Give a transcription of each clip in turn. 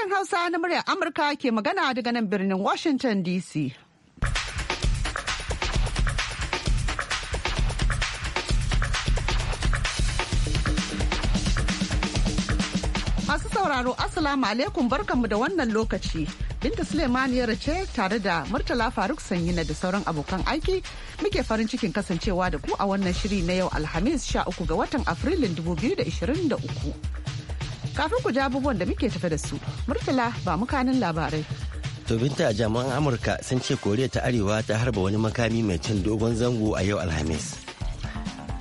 Sashen Hausa na muryar Amurka ke magana daga nan birnin Washington DC. Masu sauraro asalamu alaikum barkanmu da wannan lokaci. Binta Suleiman ya race tare da Murtala Faruk Sanyina da sauran abokan aiki muke farin cikin kasancewa da ku a wannan shiri na yau Alhamis 13 ga watan Afrilun 2023. Kafin ku ji abubuwan da muke tafe da su, Murtala ba mukanin labarai. To binta jami'an Amurka sun ce Koriya ta Arewa ta harba wani makami mai cin dogon zango a yau Alhamis.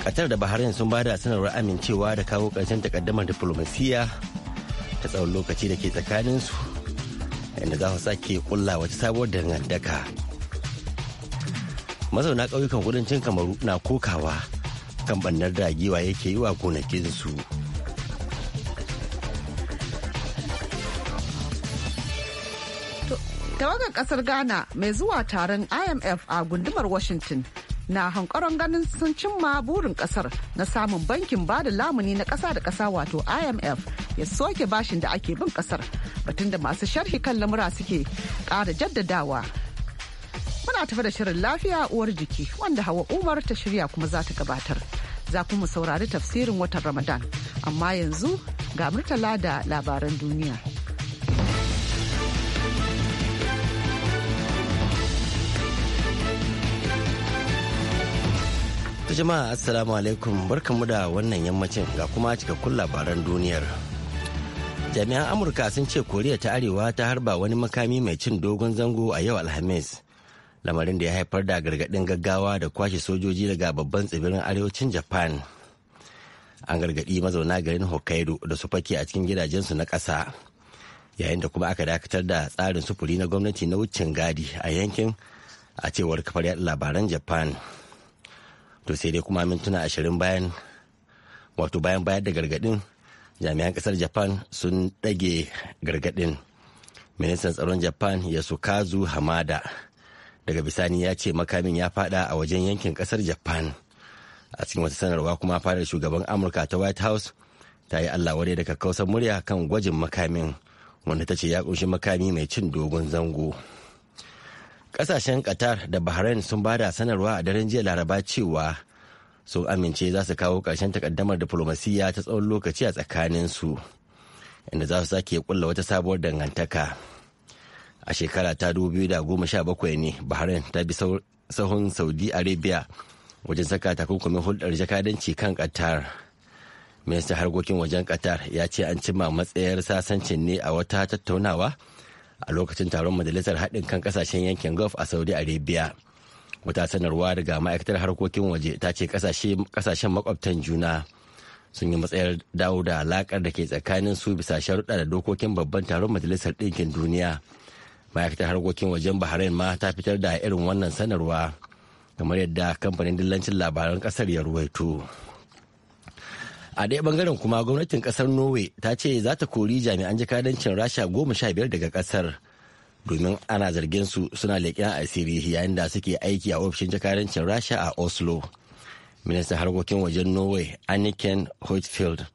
Qatar da Bahrain sun bada sanarwar amincewa da kawo karshen takaddamar diplomasiya ta tsawon lokaci da ke tsakaninsu inda za su sake kulla wata sabuwar dangantaka. Mazauna ƙauyukan kudancin Kamaru na kokawa kan bannar da giwa yake yi wa gonakinsu. su. tawagar kasar ghana mai zuwa taron imf a gundumar washington na hankaron ganin sun cimma burin kasar na samun bankin ba da lamuni na kasa da kasa wato imf ya soke bashin da ake bin kasar batun da masu sharhi kan lamura suke kara jaddadawa muna tafi da shirin lafiya uwar jiki wanda hawa umar ta shirya kuma za ta gabatar za kuma saurari tafsirin watan ramadan amma yanzu ga murtala da labaran duniya. ta jama'a assalamu alaikum barkanmu da wannan yammacin ga kuma cikakkun labaran duniyar jami'an amurka sun ce koriya ta arewa ta harba wani makami mai cin dogon zango a yau alhamis lamarin da ya haifar da gargaɗin gaggawa da kwashe sojoji daga babban tsibirin arewacin japan an gargaɗi mazauna garin hokkaido da su fake a cikin gidajensu na ƙasa yayin da kuma aka dakatar da tsarin sufuri na gwamnati na wucin gadi a yankin a cewar kafar yaɗa labaran japan to sai dai kuma mintuna ashirin bayan wato bayan bayar da gargadin jami'an kasar japan sun dage gargadin ministan tsaron japan ya yasukazu hamada daga bisani ya ce makamin ya fada a wajen yankin kasar japan a cikin wata sanarwa kuma fadar shugaban amurka ta white house ta yi allah wadai daga kausar murya kan gwajin makamin wanda ta ce ya kunshi makami mai cin dogon zango. Ƙasashen Qatar da Bahrain sun bada sanarwa a daren jiya Laraba cewa sun amince za su kawo ƙarshen takaddamar diflomasiyya ta tsawon lokaci a tsakaninsu inda za su sake kulla wata sabuwar dangantaka. A shekara ta 2017 ne Bahrain ta bi sahun Saudi Arabia wajen saka takunkumin hulɗar jakadanci kan Qatar. Ministan harkokin wajen Qatar ya ce an cimma matsayar sasancin ne a wata tattaunawa a lokacin taron majalisar haɗin kan kasashen yankin gulf a saudi arabia wata sanarwa daga ma'aikatar harkokin waje ta ce kasashen makwabtan juna sun yi matsayar dawo da alakar da ke tsakanin su bisa sharuɗa da dokokin babban taron majalisar ɗinkin duniya ma'aikatar harkokin wajen bahrain ma ta fitar da irin wannan sanarwa kamar yadda kamfanin dillancin labaran ƙasar ya ruwaito. a daya bangaren kuma gwamnatin ƙasar norway ta ce za ta kori jami'an jakadancin rasha goma sha biyar daga ƙasar domin ana zargin su suna leƙen asiri yayin da suke aiki a ofishin jakadancin rasha a oslo ministan harkokin wajen norway anniken hotfield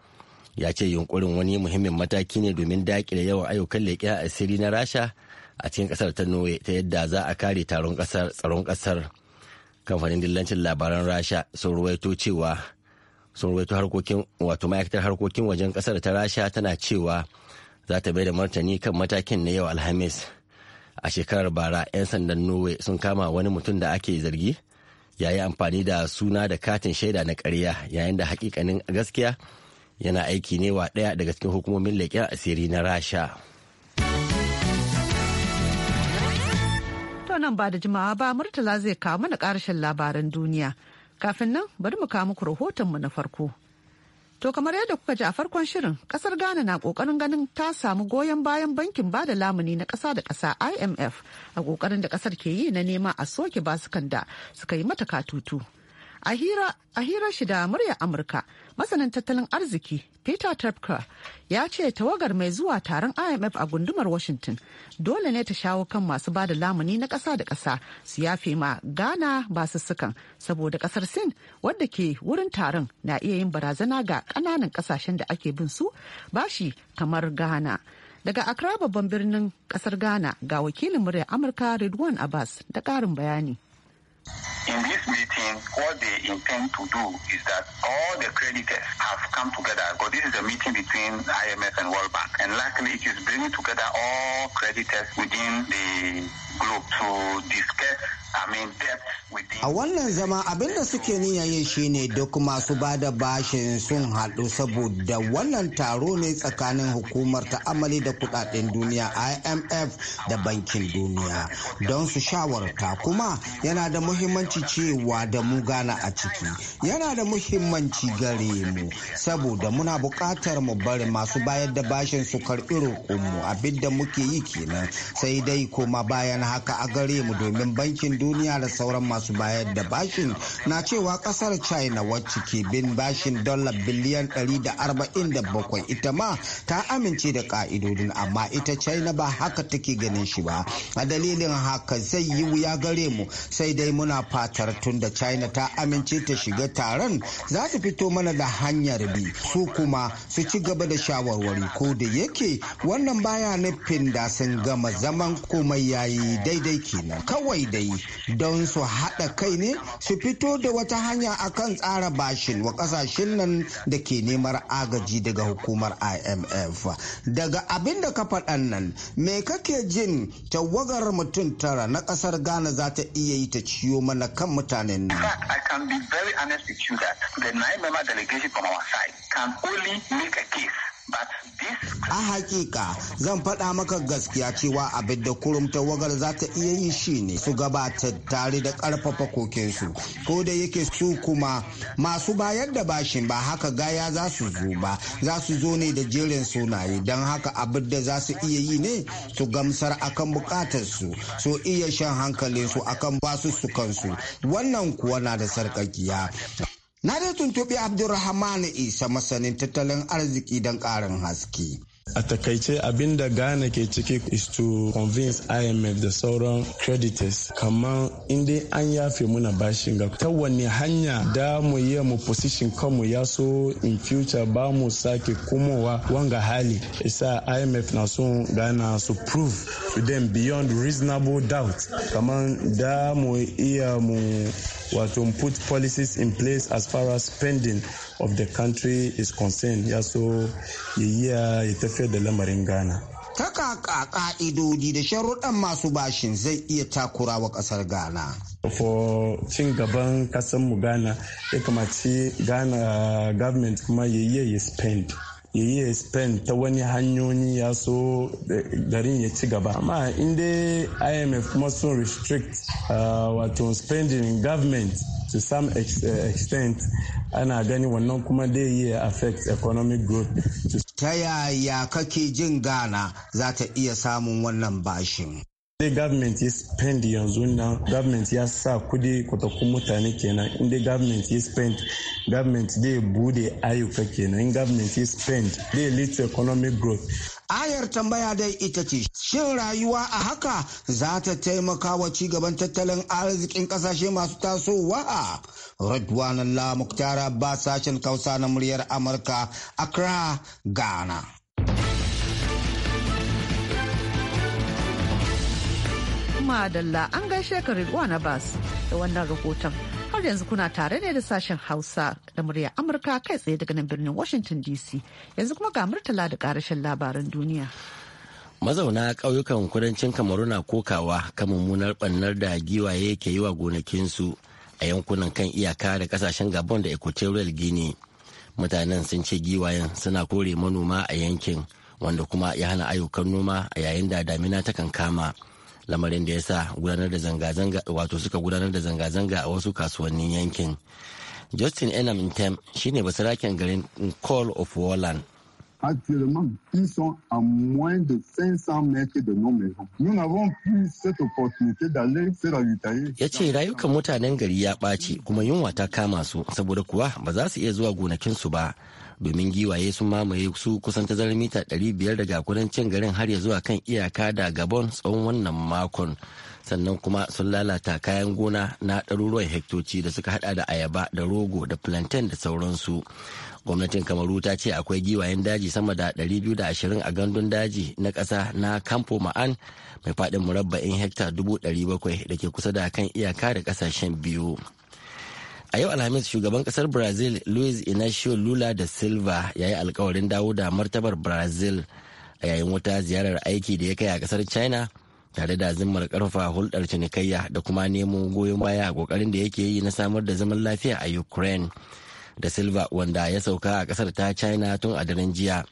ya ce yunkurin wani muhimmin mataki ne domin daƙile yawan ayyukan leƙen asiri na rasha a cikin ƙasar ta norway ta yadda za a kare taron kasar tsaron kasar kamfanin dillancin labaran rasha sun ruwaito cewa sun ruwaito harkokin wato ma'aikatar harkokin wajen kasar ta rasha tana cewa za ta bai da martani kan matakin na yau alhamis a shekarar bara 'yan sandan norway sun kama wani mutum da ake zargi ya yi amfani da suna da katin shaida na karya yayin da hakikanin gaskiya yana aiki ne wa ɗaya daga cikin hukumomin leƙen asiri na rasha to nan ba da jima'a ba murtala zai kawo mana ƙarshen labaran duniya Kafin nan bari mu kawo muku mu na farko. To kamar yadda kuka ji a farkon shirin, kasar Ghana na kokarin ganin ta samu goyon bayan bankin bada lamuni na kasa da kasa IMF a kokarin da kasar ke yi na nema a soke basukan da suka yi mata katutu. A hira shi da muryar Amurka, masanin tattalin arziki Peter Tepker ya ce tawagar mai zuwa taron IMF a gundumar Washington dole ne ta shawo kan masu ba da lamuni na ƙasa da ƙasa su yafe ma Ghana basussukan saboda ƙasar Sin wadda ke wurin taron na iya yin barazana ga ƙananan ƙasashen da ake bin su bashi kamar Ghana. Daga Accra babban birnin ƙasar Ghana ga wakilin muryar Amurka Ridwan Abbas da ƙarin bayani. In this meeting, what they intend to do is that all the creditors have come together because this is a meeting between IMF and World Bank. And luckily, it is bringing together all creditors within the group to discuss A wannan zama abin da suke niyya shi shine duk masu ba da bashin sun haɗu saboda wannan taro ne tsakanin hukumar ta'amali da kudaden duniya IMF da bankin duniya don su shawarta kuma yana da muhimmanci cewa da mu gana a ciki yana da muhimmanci gare mu saboda muna buƙatar mu bari masu bayar da bashin su karɓi roƙonmu abin da muke yi kenan sai dai koma bayan haka a gare mu domin bankin duniya da sauran masu bayar da bashin na cewa ƙasar china wacce ke bin bashin dala biliyan 147 ita ma ta amince da ka'idodin amma ita china ba haka take ganin shi ba a dalilin haka zai yi wuya gare mu sai dai mu muna fatar tun da china ta amince ta shiga taron za su fito mana da hanyar bi su kuma su ci gaba da shawarwari ko da yake wannan baya nufin da sun gama zaman komai yayi daidai kenan kawai dai don su haɗa kai ne su fito da wata hanya akan tsara bashin wa ƙasashen nan da ke neman agaji daga hukumar imf daga abin da ka faɗan nan me kake jin tawagar mutum tara na ƙasar ghana za ta iya yi ta ciwo ciyo mana kan mutanen nan. I can be very honest with you that the Nine member delegation from our side can only make a case. But this a hakika zan faɗa maka gaskiya cewa abin da kurum tawagar za ta iya yi shine su gabata tare da ƙarfafa kokensu ko da yake su kuma masu bayar da bashin ba haka gaya za su zo ba za su zo ne da jerin sunaye don haka abin da za su iya yi ne su gamsar akan bukatarsu su Su iya shan hankalinsu akan basu su kansu wannan kuwa na da sarƙaƙiya. na da tuntuɓi abdulrahman isa masanin tattalin arziki don ƙarin haske A takaice abin da Ghana ke ciki is to convince IMF da sauran creditors kamar inda an yafe muna bashin ga ta wani hanya da mu yi mu position kanmu ya so in future ba mu sake kumowa wanga hali isa IMF na so Ghana su prove to them beyond reasonable doubt kamar da mu iya mu wato put policies in place as far as spending of the country is concerned ya so ya yi ya tafiyar da lamarin ghana ta kaka ka'idodi da sharuɗan masu bashin zai iya takura wa ƙasar ghana for cin gaban ƙasar mu ghana ya kamaci ghana government kuma ya yi ya spend ya yi spain ta wani hanyoyi ya so eh, garin ya ci gaba amma inda imf kuma sun restrict ah, wato spending government to some eh, extent ana gani wannan kuma dai yi affect economic growth ta yaya kake jin gana za ta iya samun wannan bashin dai government ya spend yanzu na government ya sa kudi kun mutane kenan in dai government ya spend government zai bude ayyuka kenan in government ya spend zai lead economic growth ayar tambaya dai ita ce shin rayuwa a haka za ta taimaka wa ci gaban tattalin arzikin kasashe masu tasowa a Allah Muktar ba sashen Kausa na muryar Amurka Accra Ghana Dalla an gaishe ka na Abbas da wannan rahoton. Har yanzu kuna tare ne da sashen Hausa da murya Amurka kai tsaye daga nan birnin Washington DC. Yanzu kuma ga murtala da karashen labaran duniya. Mazauna ƙauyukan kudancin Kamaru na kokawa kan mummunar bannar da giwaye ke yi wa gonakinsu a yankunan kan iyaka da kasashen Gabon da Equatorial Guinea. Mutanen sun ce giwayen suna kore manoma a yankin wanda kuma ya hana ayyukan noma a yayin da damina ta kankama kama. lamarin da ya sa gudanar da zanga-zanga wato suka gudanar da zanga-zanga a wasu kasuwannin yankin justin enam intem shine basaraken garin call of Warland. Actuellement, ils sont à moins de 500 mètres de nos maisons. Nous n'avons plus cette opportunité d'aller se ravitailler. Ya ce rayukan mutanen gari ya ɓaci kuma yunwa ta kama su saboda kuwa ba za su iya zuwa gonakinsu ba domin giwaye sun mamaye su kusan tazarar mita 500 daga kudancin garin har ya zuwa kan iyaka da gabon tsawon wannan makon sannan kuma sun lalata kayan gona na ɗaruruwan hektoci da suka hada da ayaba da rogo da plantain da sauransu gwamnatin kamaru ta ce akwai giwayen daji sama da 220 a gandun daji na ƙasa na kampo ma'an mai faɗin murabba'in hekta 700 da ke kusa da kan iyaka da ƙasashen biyu A yau Alhamis shugaban kasar Brazil Luis Inacio Lula da Silva ya yi alkawarin dawo da martabar Brazil a yayin wata ziyarar aiki da ya kai a kasar China tare da zimmar karfa hulɗar cinikayya da kuma nemo goyon baya a kokarin da yake yi na samar da zaman lafiya a Ukraine. Da Silva wanda ya sauka a kasar ta China tun a daren jiya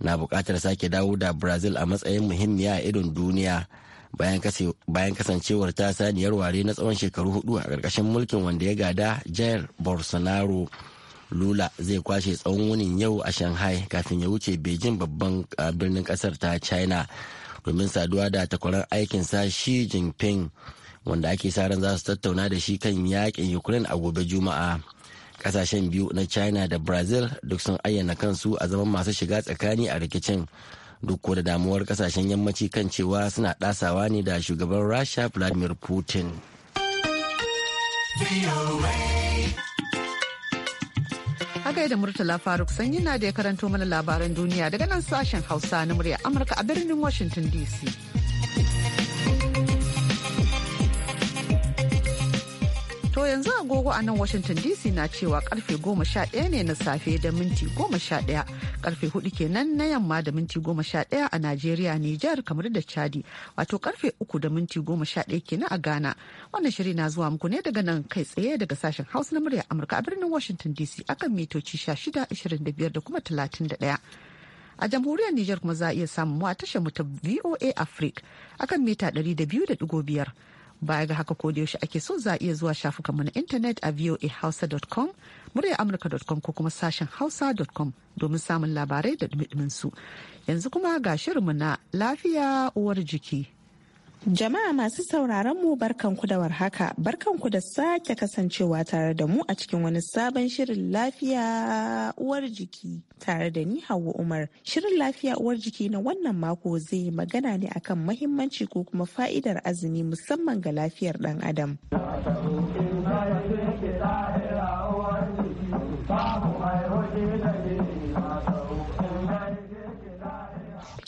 na buƙatar sake dawo da Brazil a matsayin muhimmiya a idon duniya. bayan kasancewar ta saniyar ware na tsawon shekaru hudu a ƙarƙashin mulkin wanda ya gada jair bolsonaro lula zai kwashe tsawon wunin yau a shanghai kafin ya wuce beijing babban birnin ƙasar ta china domin saduwa da takwarar aikinsa shi jinping wanda ake sa ran za su tattauna da shi kan yakin ukraine a gobe juma'a kasashen biyu na china da brazil duk sun ayyana kansu a zaman masu shiga tsakani a rikicin duk da damuwar kasashen yammaci kan cewa suna ɗasawa ne da shugaban rasha vladimir putin haka da murtala faruk sanyi na da ya karanto mana labaran duniya daga nan sashen hausa na murya amurka a birnin washington dc yanzu agogo a nan Washington DC na cewa karfe 11 ne na safe da minti 11 karfe 4 kenan na yamma da minti 11 a Najeriya, Nijar, kamar da Chadi wato karfe 3 da minti 11 kenan a Ghana. Wannan shiri na zuwa muku ne daga nan kai tsaye daga sashen Hausa na murya Amurka a birnin Washington DC akan mitoci 16, 25 da kuma 31. a jamhuriyar niger kuma za a iya samun mu a tashar mu ta VOA Africa akan mita 200.5 Baya ga haka ko da yaushe ake so za a iya zuwa shafukanmu na intanet a voahausa.com, amurka.com ko kuma sashen hausa.com domin samun labarai da dumi su. Yanzu kuma ga shirinmu na lafiya uwar jiki. Jama'a masu sauraron mu barkanku da warhaka, barkanku da sake kasancewa tare da mu a cikin wani sabon shirin lafiya uwar jiki tare da ni Hauwa Umar. Shirin lafiya uwar jiki na wannan mako zai yi magana ne akan mahimmanci ko kuma fa'idar azumi musamman ga lafiyar ɗan adam.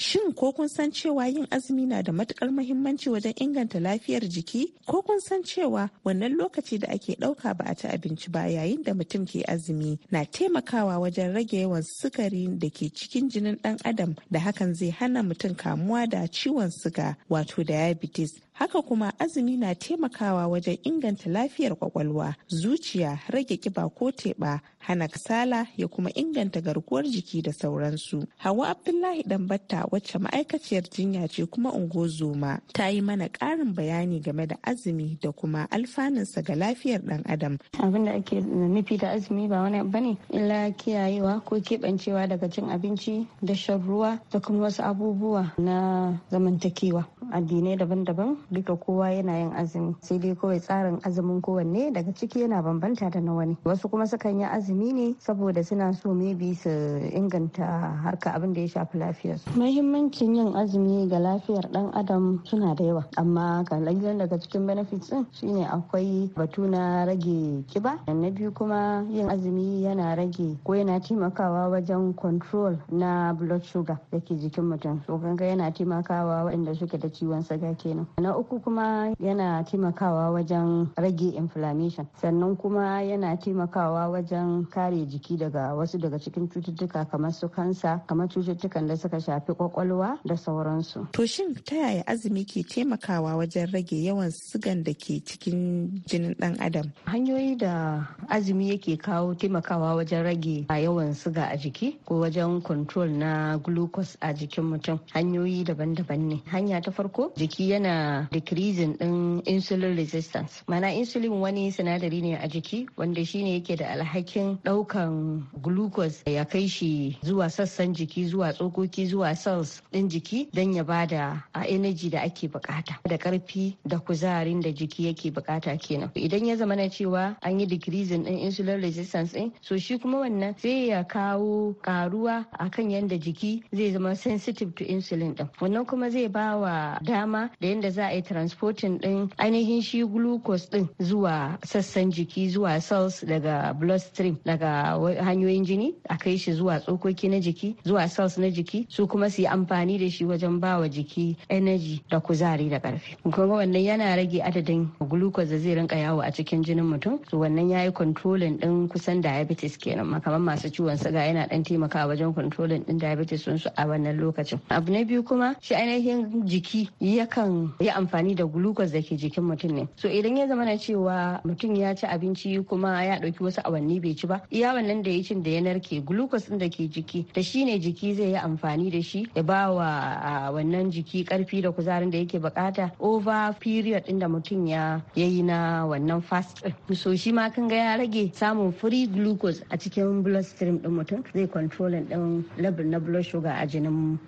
Shin ko kun san cewa yin azumi na da matukar muhimmanci wajen inganta lafiyar jiki? Ko kun san cewa wannan lokaci da ake ɗauka ba a ci abinci ba yayin da mutum ke azumi na taimakawa wajen rage yawan sukari da ke cikin jinin ɗan adam da hakan zai hana mutum kamuwa da ciwon suga wato diabetes haka kuma azumi na taimakawa wajen inganta lafiyar kwakwalwa zuciya rage kiba ko teɓa hana kasala ya kuma inganta garkuwar jiki da sauransu hawa abdullahi dambatta wacce ma'aikaciyar jinya ce kuma ungozoma ta yi mana ƙarin bayani game da azumi da kuma alfanunsa ga lafiyar ɗan adam abin da ake nufi da azumi ba wani ne illa kiyayewa ko keɓancewa daga cin abinci da shan ruwa da kuma wasu abubuwa na zamantakewa addinai daban-daban duka kowa yana yin azumi sai dai kawai tsarin azumin kowanne daga ciki yana bambanta da na wani wasu kuma sukan yi azumi ne saboda suna so maybe su inganta harka abin da ya shafi lafiyarsu muhimmancin yin azumi ga lafiyar dan adam suna da yawa amma kalan daga cikin benefits din shine akwai batu na rage kiba na biyu kuma yin azumi yana rage ko yana taimakawa wajen control na blood sugar da ke jikin mutum so ganga yana taimakawa waɗanda suke da ciwon saga kenan na uku kuma yana taimakawa wajen rage inflammation sannan kuma yana taimakawa wajen kare jiki daga wasu daga cikin cututtuka kamar su kansa kamar cututtukan da suka shafi kwakwalwa da sauransu to shin ta yaya azumi ke taimakawa wajen rage yawan sigan da ke cikin jinin dan adam hanyoyi da azumi yake kawo taimakawa wajen rage yawan siga a jiki ko wajen control na glucose a jikin mutum hanyoyi daban-daban ne hanya ta farko jiki yana decreasing din insulin resistance mana insulin wani sinadari ne a jiki wanda shine yake da alhakin daukan glucose ya kai shi zuwa sassan jiki zuwa tsokoki zuwa cells din jiki don ya bada a energy da ake bukata da karfi da kuzarin da jiki yake bukata kenan idan ya zama na cewa an yi decreasing din insulin resistance din so shi kuma wannan zai ya kawo karuwa akan yadda jiki zai zama sensitive to insulin din wannan kuma zai ba wa dama da yadda za a yi transporting din ainihin shi glucose din zuwa sassan jiki zuwa cells daga bloodstream daga hanyoyin jini a kai shi zuwa tsokoki na jiki zuwa cells na jiki su kuma su yi amfani da shi wajen bawa jiki energy da kuzari da karfi kuma wannan yana rage adadin glucose da zai rinka yawo a cikin jinin mutum to wannan yayi controlling din kusan diabetes kenan kamar masu ciwon suga yana dan taimakawa wajen controlling din diabetes sun su a wannan lokacin abu na biyu kuma shi ainihin jiki yakan yi amfani da glucose da ke jikin mutum ne so idan ya zama na cewa mutum ya ci abinci kuma ya ɗauki wasu awanni bai ci ba iya wannan da ya cin da ya narke glucose ɗin da ke jiki da shi ne jiki zai yi amfani da shi ya ba wa wannan jiki karfi da kuzarin da yake bukata over period din da mutum ya yayi na wannan fast so shi ma kan ga ya rage samun free glucose a cikin blood stream din mutum zai control din level na blood sugar a jinin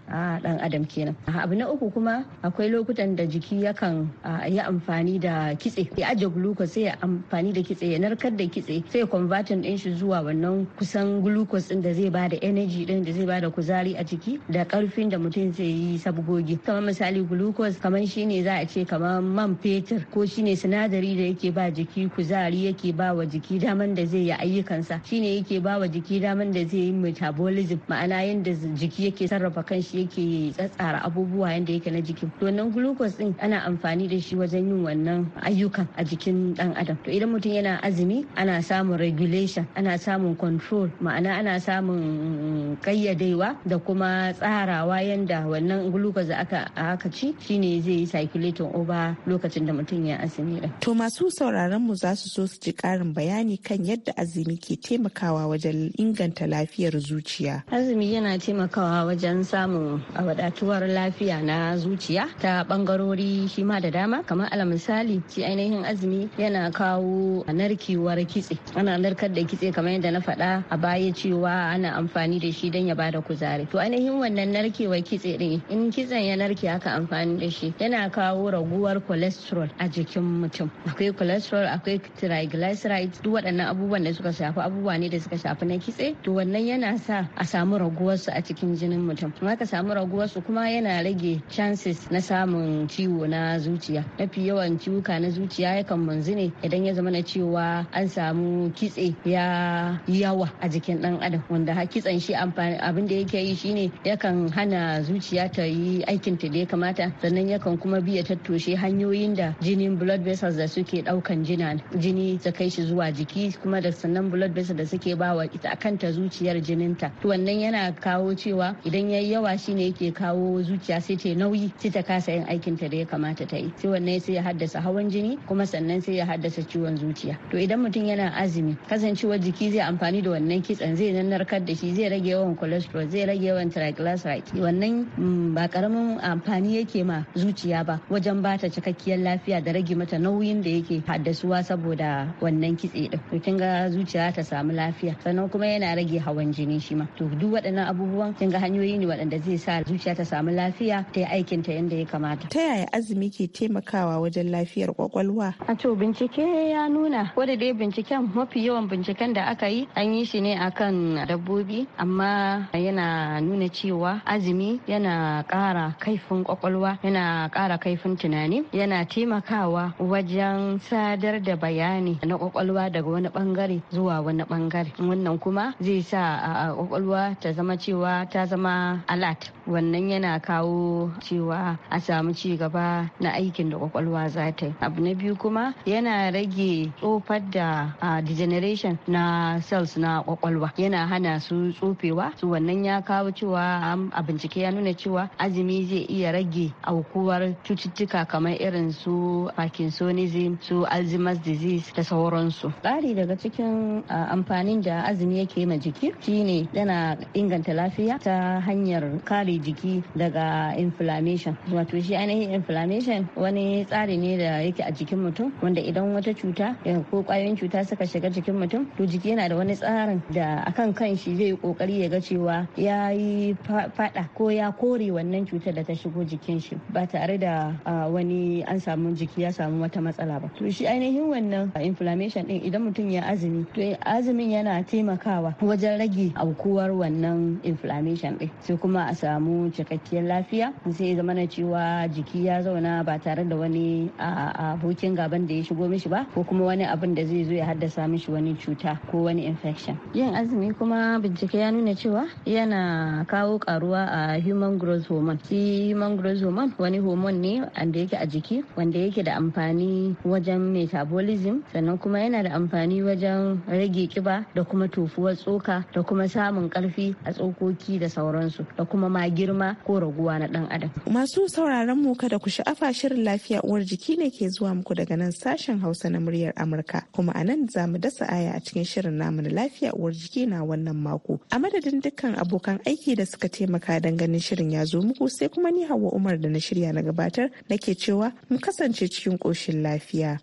dan adam kenan abu na uku kuma akwai lokutan da jiki yakan yi amfani da kitse ya aje glucose sai ya amfani da kitse ya narkar da kitse sai converting din shi zuwa wannan kusan glucose din da zai ba da energy din da zai ba da kuzari a jiki da karfin da mutum zai yi sabgogi kamar misali glucose kamar shine za a ce kamar man fetur ko shine sinadari da yake ba jiki kuzari yake ba wa jiki daman da zai yi ayyukansa shine yake ba wa jiki daman da zai yi metabolism ma'ana yadda jiki yake sarrafa kanshi yake tsatsara abubuwa yadda yake na jiki to nan glucose din ana amfani da shi wajen yin wannan ayyukan a jikin dan adam to idan mutum yana azumi ana samun regulation ana samun control ma'ana ana samun kayyadewa da kuma tsarawa yanda wannan glucose aka aka ci shine zai yi circulating over lokacin da mutum ya azumi to masu sauraron mu za su so su ji karin bayani kan yadda azumi ke taimakawa wajen inganta lafiyar zuciya azumi yana taimakawa wajen samun wadatuwar lafiya na zuciya ta bangarori shima shi ma da dama kamar ala misali shi ainihin azumi yana kawo narkewar kitse ana narkar da kitse kamar yadda na faɗa a baya cewa ana amfani da shi don ya bada kuzari to ainihin wannan narkewar kitse din in kitsen ya narke haka amfani da shi yana kawo raguwar cholesterol a jikin mutum akwai cholesterol akwai triglycerides duk waɗannan abubuwan da suka shafi abubuwa ne da suka shafi na kitse to wannan yana sa a samu raguwar su a cikin jinin mutum kuma ka samu raguwar su kuma yana rage chances na samun ciwo na zuciya mafi yawan ciwuka na zuciya yakan manzu ne idan ya zama na cewa an samu kitse ya yawa a jikin dan adam wanda ha kitsen shi amfani abin da yake yi shine yakan hana zuciya ta yi aikin ta da ya kamata sannan yakan kuma biya tattoshe hanyoyin da jinin blood vessels da suke daukan jina jini ta kai shi zuwa jiki kuma da sannan blood vessels da suke bawa ita kanta zuciyar jininta to wannan yana kawo cewa idan yayi yawa shine yake kawo zuciya sai ta nauyi sai ta kasa yin aikin ta da ya kamata kamata ta yi sai wannan sai ya haddasa hawan jini kuma sannan sai ya haddasa ciwon zuciya to idan mutum yana azumi kasancewar jiki zai amfani da wannan kitsen zai narkar da shi zai rage yawan cholesterol zai rage yawan triglycerides wannan mm, ba karamin amfani yake ma zuciya ba wajen ba ta cikakkiyar lafiya da rage mata nauyin da yake haddasuwa saboda wannan kitse din to kinga zuciya ta samu lafiya sannan kuma yana rage hawan jini shi ma to duk waɗannan abubuwan kinga hanyoyi ne waɗanda zai sa zuciya ta samu lafiya ta yi aikinta yadda ya kamata ta yaya azumi ke taimakawa wajen lafiyar kwakwalwa? A to bincike ya nuna wadda dai binciken mafi yawan binciken da aka yi an yi shi ne akan dabbobi amma yana nuna cewa azumi yana ƙara kaifin kwakwalwa yana ƙara kaifin tunani yana taimakawa wajen sadar da bayani na kwakwalwa daga wani bangare zuwa wani bangare wannan kuma zai sa kwakwalwa ta zama cewa ta zama alat wannan yana kawo cewa a samu ci gaba na aikin da kwakwalwa za ta yi abu na biyu kuma yana rage tsofar da degeneration na cells na kwakwalwa yana hana su tsofewa su wannan ya kawo cewa a bincike ya nuna cewa azumi zai iya rage aukuwar cututtuka kamar irin su parkinsonism su alzheimer's disease da sauransu tsari daga cikin amfanin da azumi yake ma jiki shine yana inganta lafiya ta hanyar kare jiki daga inflammation wato shi ainihin inflammation inflammation wani tsari ne da yake a jikin mutum wanda idan wata cuta eh, ko kwayoyin cuta suka shiga jikin mutum to jiki yana da wani tsarin da akan kan shi zai kokari ya ga cewa ya yi fada ko ya kore wannan cutar da ta shigo jikin shi ba tare da wani an samu jiki ya samu wata matsala ba to shi ainihin wannan inflammation din idan mutum ya azumi to azumin yana taimakawa wajen rage aukuwar wannan inflammation din sai kuma a samu cikakkiyar lafiya sai zama na cewa jiki ya zo zauna ba tare da wani abokin gaban da ya shigo mishi ba ko kuma wani abin da zai zo ya haddasa mishi wani cuta ko wani infection yin azumi kuma bincike ya nuna cewa yana kawo karuwa a human growth hormone shi human growth hormone wani hormone ne wanda yake a jiki wanda yake da amfani wajen metabolism sannan kuma yana da amfani wajen rage kiba da kuma tofuwar tsoka da kuma samun karfi a tsokoki da sauransu da kuma ma girma ko raguwa na dan adam masu sauraron mu kada ku sha sha'afa shirin lafiya uwar jiki ne ke zuwa muku daga nan sashen Hausa na muryar Amurka. Kuma a nan za mu dasa aya a cikin shirin namu na lafiya uwar jiki na wannan mako. A madadin dukkan abokan aiki da suka taimaka don ganin shirin ya zo muku sai kuma ni hawa Umar da na shirya na gabatar nake cewa mu kasance cikin koshin lafiya.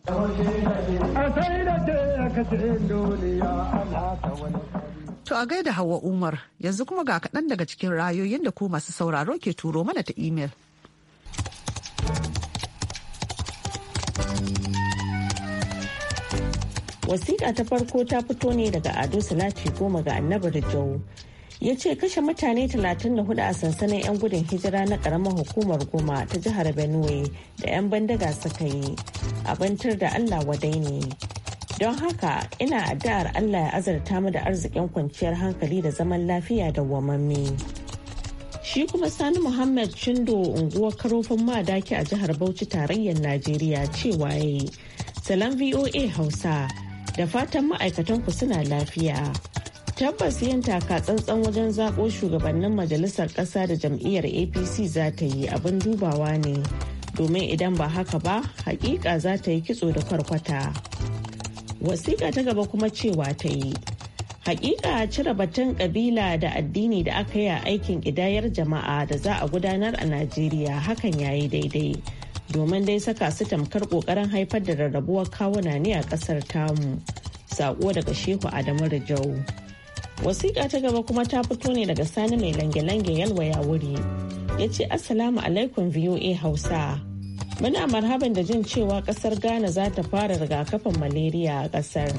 To a gaida Hauwa Umar yanzu kuma ga kaɗan daga cikin rayoyin da ku masu sauraro ke turo mana ta imel. wasiƙa ta farko ta fito ne daga ado salati goma ga annabar jau ya ce kashe mutane 34 a sansanin 'yan gudun hijira na karamar hukumar goma ta jihar benue da 'yan bandaga suka yi abantar da allah wadai ne don haka ina addu'ar allah ya azarta mu da arzikin kwanciyar hankali da zaman lafiya da wamammi shi kuma sani muhammad shindo unguwar karofin madaki a jihar bauchi tarayyar najeriya cewa ya yi salon voa hausa da fatan ma'aikatanku suna lafiya. Tabbas yin taka tsantsan wajen zaɓo shugabannin majalisar ƙasa da jam'iyyar APC za ta yi abin dubawa ne, domin idan ba haka ba, haƙiƙa za ta yi kitso da kwarkwata. Wasiƙa ta gaba kuma cewa ta yi. Hakika cire batun ƙabila da addini da aka yi a aikin ƙidayar jama'a da za a gudanar a Najeriya hakan yayi daidai. domin dai saka su tamkar kokarin haifar da rarrabuwar kawuna ne a kasar tamu sako daga shehu adamu rijau wasiƙa ta gaba kuma ta fito ne daga sani mai lange-lange yalwaya wuri ya ce assalamu alaikum voa hausa muna marhaban da jin cewa kasar ghana za ta fara rigakafin malaria a kasar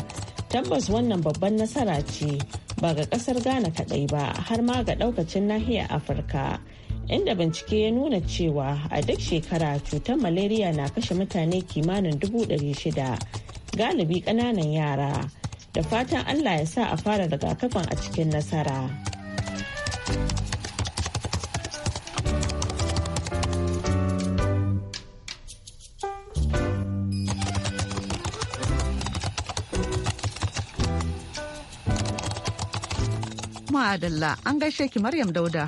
tabbas wannan babban nasara ce ba ga kasar ghana kadai ba har ma ga daukacin nahiyar afirka inda bincike ya nuna cewa a duk shekara cutar malaria na kashe mutane kimanin dubu shida galibi ƙananan yara da fatan allah ya sa a fara rigakafin a cikin nasara Adalla an gaishe ki Maryam Dauda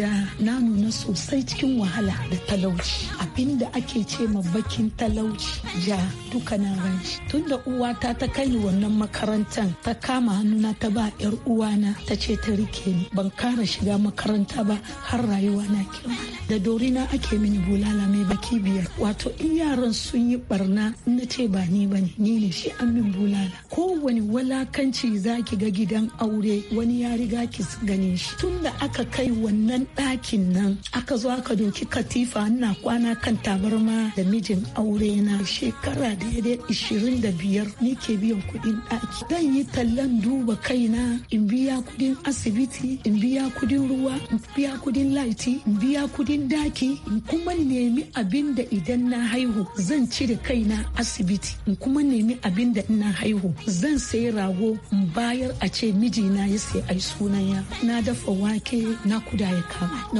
Yeah. na nuna sosai cikin wahala da talauci abinda ake ce ma bakin talauci ja dukkanin ranci tunda uwata ta kai wannan makarantar ta kama hannuna ta ba yar uwana ta ce ta rike ni ban kara shiga makaranta ba har rayuwa na kima da dorina ake mini bulala mai baki biyar wato in yaran sun yi barna na ce ba ni ba ne ni ne shi an min bulala kowane walakanci za ki ga gidan aure wani ya riga ki ganin shi tunda aka kai wannan ɗaki ɗakin nan aka zo aka doki katifa ina kwana kan tabarma da mijin aure na shekara da yadda ishirin da biyar ni ke biyan kuɗin ɗaki zan yi tallan duba kaina in biya kuɗin asibiti in biya kuɗin ruwa in biya kudin laiti in biya kudin daki in kuma nemi abin da idan na haihu zan cire kaina asibiti in kuma nemi abin da ina haihu zan sayi rago in bayar a ce mijina ya sai ai sunan ya na dafa wake na kuda ya kama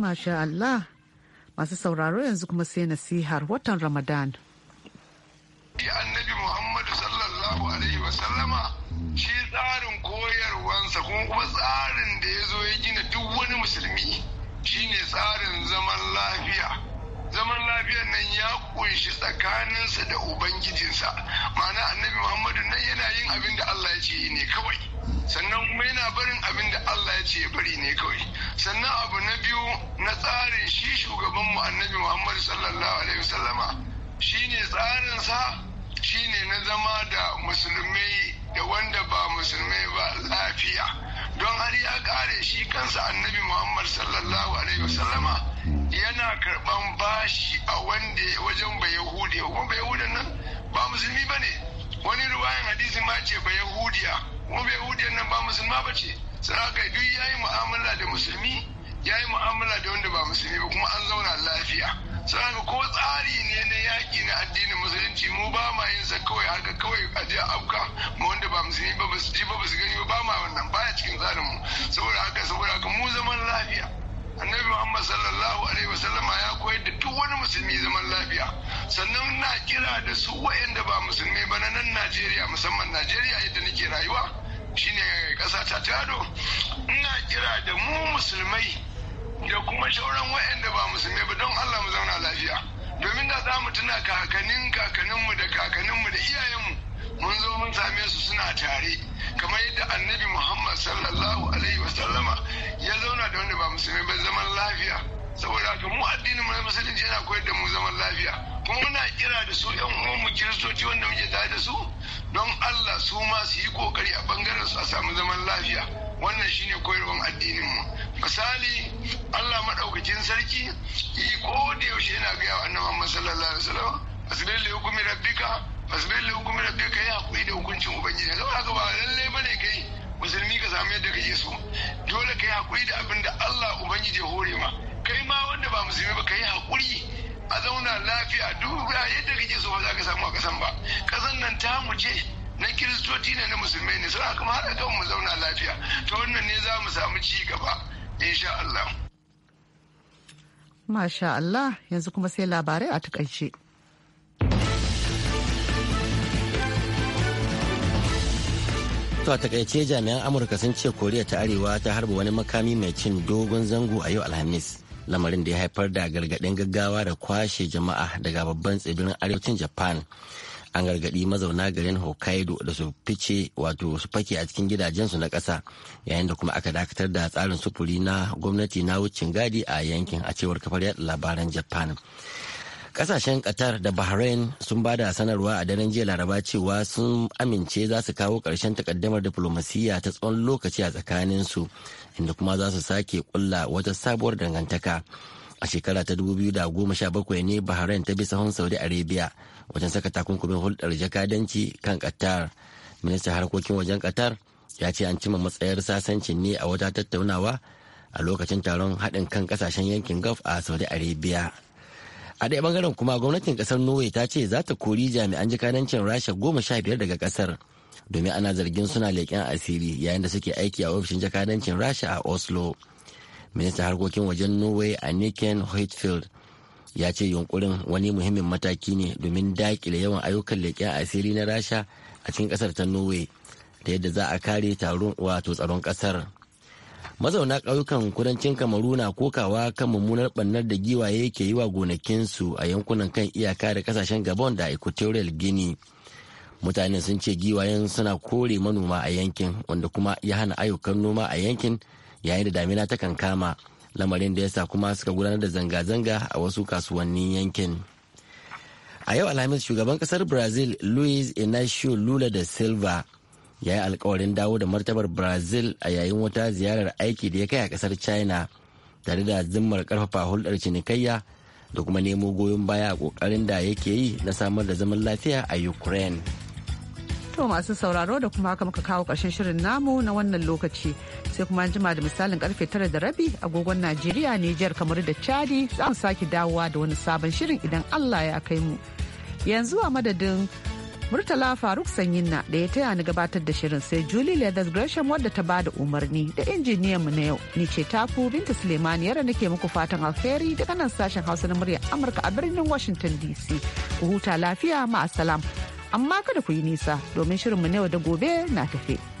Masha Allah masu sauraro yanzu kuma sai nasihar watan Ramadan. Annabi Muhammadu sallallahu Alaihi wasallama shi tsarin koyarwansa kuma tsarin da ya zo ya gina duk wani musulmi shine tsarin zaman lafiya. zaman lafiyar nan ya kunshi tsakaninsa da ubangijinsa ma'ana annabi muhammadu nan yana yin abin da allah ya ce yi ne kawai sannan kuma yana barin abin da allah ya ce ya bari ne kawai sannan abu na biyu na tsarin shi shugabanmu annabi muhammadu sallallahu alaihi wasallama shine tsarinsa shi ne na zama da musulmai da wanda ba musulmai ba lafiya don har ya kare shi kansa annabi Muhammadu sallallahu alaihi wasallama yana karban bashi a wanda wajen ba yahudi kuma ba yahudi nan ba musulmi ba ne wani ruwayan hadisi ma ce ba yahudiya kuma ba yahudi nan ba musulma ba ce saraka duk ya yi mu'amala da musulmi ya yi mu'amala da wanda ba musulmi ba kuma an zauna lafiya saraka ko tsari ne na yaƙi na addinin musulunci mu ba ma yin sa kawai haka kawai a je afka mu wanda ba musulmi ba ba su ji ba ba su gani ba ba ma wannan baya cikin tsarin mu saboda haka saboda haka mu zaman lafiya annabi muhammad sallallahu alaihi wasallam ya koyar da duk wani musulmi zaman lafiya sannan na kira da su wa'anda ba musulmi ba na nan najeriya musamman najeriya yadda nake rayuwa shine ƙasa ta tado ina kira da mu musulmai da kuma shauran wa'anda ba musulmi ba don allah mu zauna lafiya domin da za mu tuna kakanin kakaninmu da kakaninmu da iyayenmu mun zo mun same su suna tare kamar musulmi ba zaman lafiya saboda haka mu addinin mu na musulunci yana koyar da mu zaman lafiya kuma muna kira da su yan uwanmu kiristoci wanda muke tare da su don Allah su ma su yi kokari a bangaren su a samu zaman lafiya wannan shine koyarwan addinin mu misali Allah madaukakin sarki ko da yaushe yana ga yawa annabi Muhammad sallallahu alaihi wasallam asbil li hukmi rabbika asbil li hukmi rabbika ya hakuri da hukuncin ubangiji kaga ba lalle bane kai musulmi ka samu yadda kake so dole ka yi hakuri da abin da Allah ubangiji ya hore ma kai ma wanda ba musulmi ba ka yi hakuri a zauna lafiya duk yadda kake so ba za ka samu a kasan ba kasan nan ta mu je na kiristoci ne na musulmai ne suna kuma har kan mu zauna lafiya ta wannan ne za mu samu ci gaba insha Allah. Masha Allah yanzu kuma sai labarai a takaice. To a takaice jami'an Amurka sun ce Koriya ta Arewa ta harba wani makami mai cin dogon zango a yau Alhamis. Lamarin da ya haifar da gargaɗin gaggawa da kwashe jama'a daga babban tsibirin arewacin Japan. An gargaɗi mazauna garin Hokkaido da su fice wato su fake a cikin gidajensu na ƙasa yayin da kuma aka dakatar da tsarin sufuri na gwamnati na wucin gadi a yankin a cewar kafar yaɗa labaran Japan. Kasashen Qatar da Bahrain sun ba da sanarwa a daren jiya Laraba cewa sun amince za su kawo ƙarshen takaddamar diflomasiyya ta tsawon lokaci a tsakanin su inda kuma za su sake kulla wata sabuwar dangantaka. a shekara ta 2017 ne bahrain ta bi sahun saudi arabia wajen saka takunkumin hulɗar jakadanci kan qatar ministan harkokin wajen qatar ya ce an cima matsayar sasancin ne a wata tattaunawa a lokacin taron haɗin kan ƙasashen yankin gulf a saudi arabia a ɗaya bangaren kuma gwamnatin kasar norway ta ce za ta kori jami'an jikanancin rasha goma sha biyar daga kasar domin ana zargin suna leƙen asiri yayin da suke aiki a ofishin jakadancin rasha a oslo minista harkokin wajen norway nicken whitfield ya ce yunkurin wani muhimmin mataki ne domin daƙile yawan ayyukan leƙen asiri na rasha a cikin ƙasar ta norway da yadda za a kare taron wato tsaron kasar. mazauna ƙauyukan kudancin kamaru na kokawa kan mummunar ɓannar da giwaye ke yi wa gonakinsu a yankunan kan iyaka da kasashen gabon da equatorial guinea mutane sun ce giwayen suna kore manoma a yankin wanda kuma ya hana ayyukan noma a yankin yayin da damina ta kankama lamarin da ya sa kuma suka gudanar da zanga-zanga a wasu kasuwannin yankin a yau alhamis shugaban kasar brazil luis inacio lula da silva ya yi alkawarin dawo da martabar brazil a yayin wata ziyarar aiki da ya kai a kasar china tare da zimmar karfafa hulɗar cinikayya da kuma nemo goyon baya a kokarin da yake yi na samar da zaman lafiya a ukraine To masu sauraro da kuma haka muka kawo ƙarshen shirin namu na wannan lokaci sai kuma jima da misalin karfe tara da rabi agogon Najeriya Nijar kamar da Chadi za mu sake dawowa da wani sabon shirin idan Allah ya kai mu. Yanzu a madadin Murtala Faruk Sanyinna da ya taya ni gabatar da shirin sai Julie Leathers Gresham wadda ta bada umarni da injiniyan mu na yau. Ni ce ku Binta suleiman yara nake muku fatan alheri daga nan sashen Hausa na murya Amurka a birnin Washington DC. Ku huta lafiya ma amma kada ku yi nisa domin shirin mu na yau da gobe na tafe.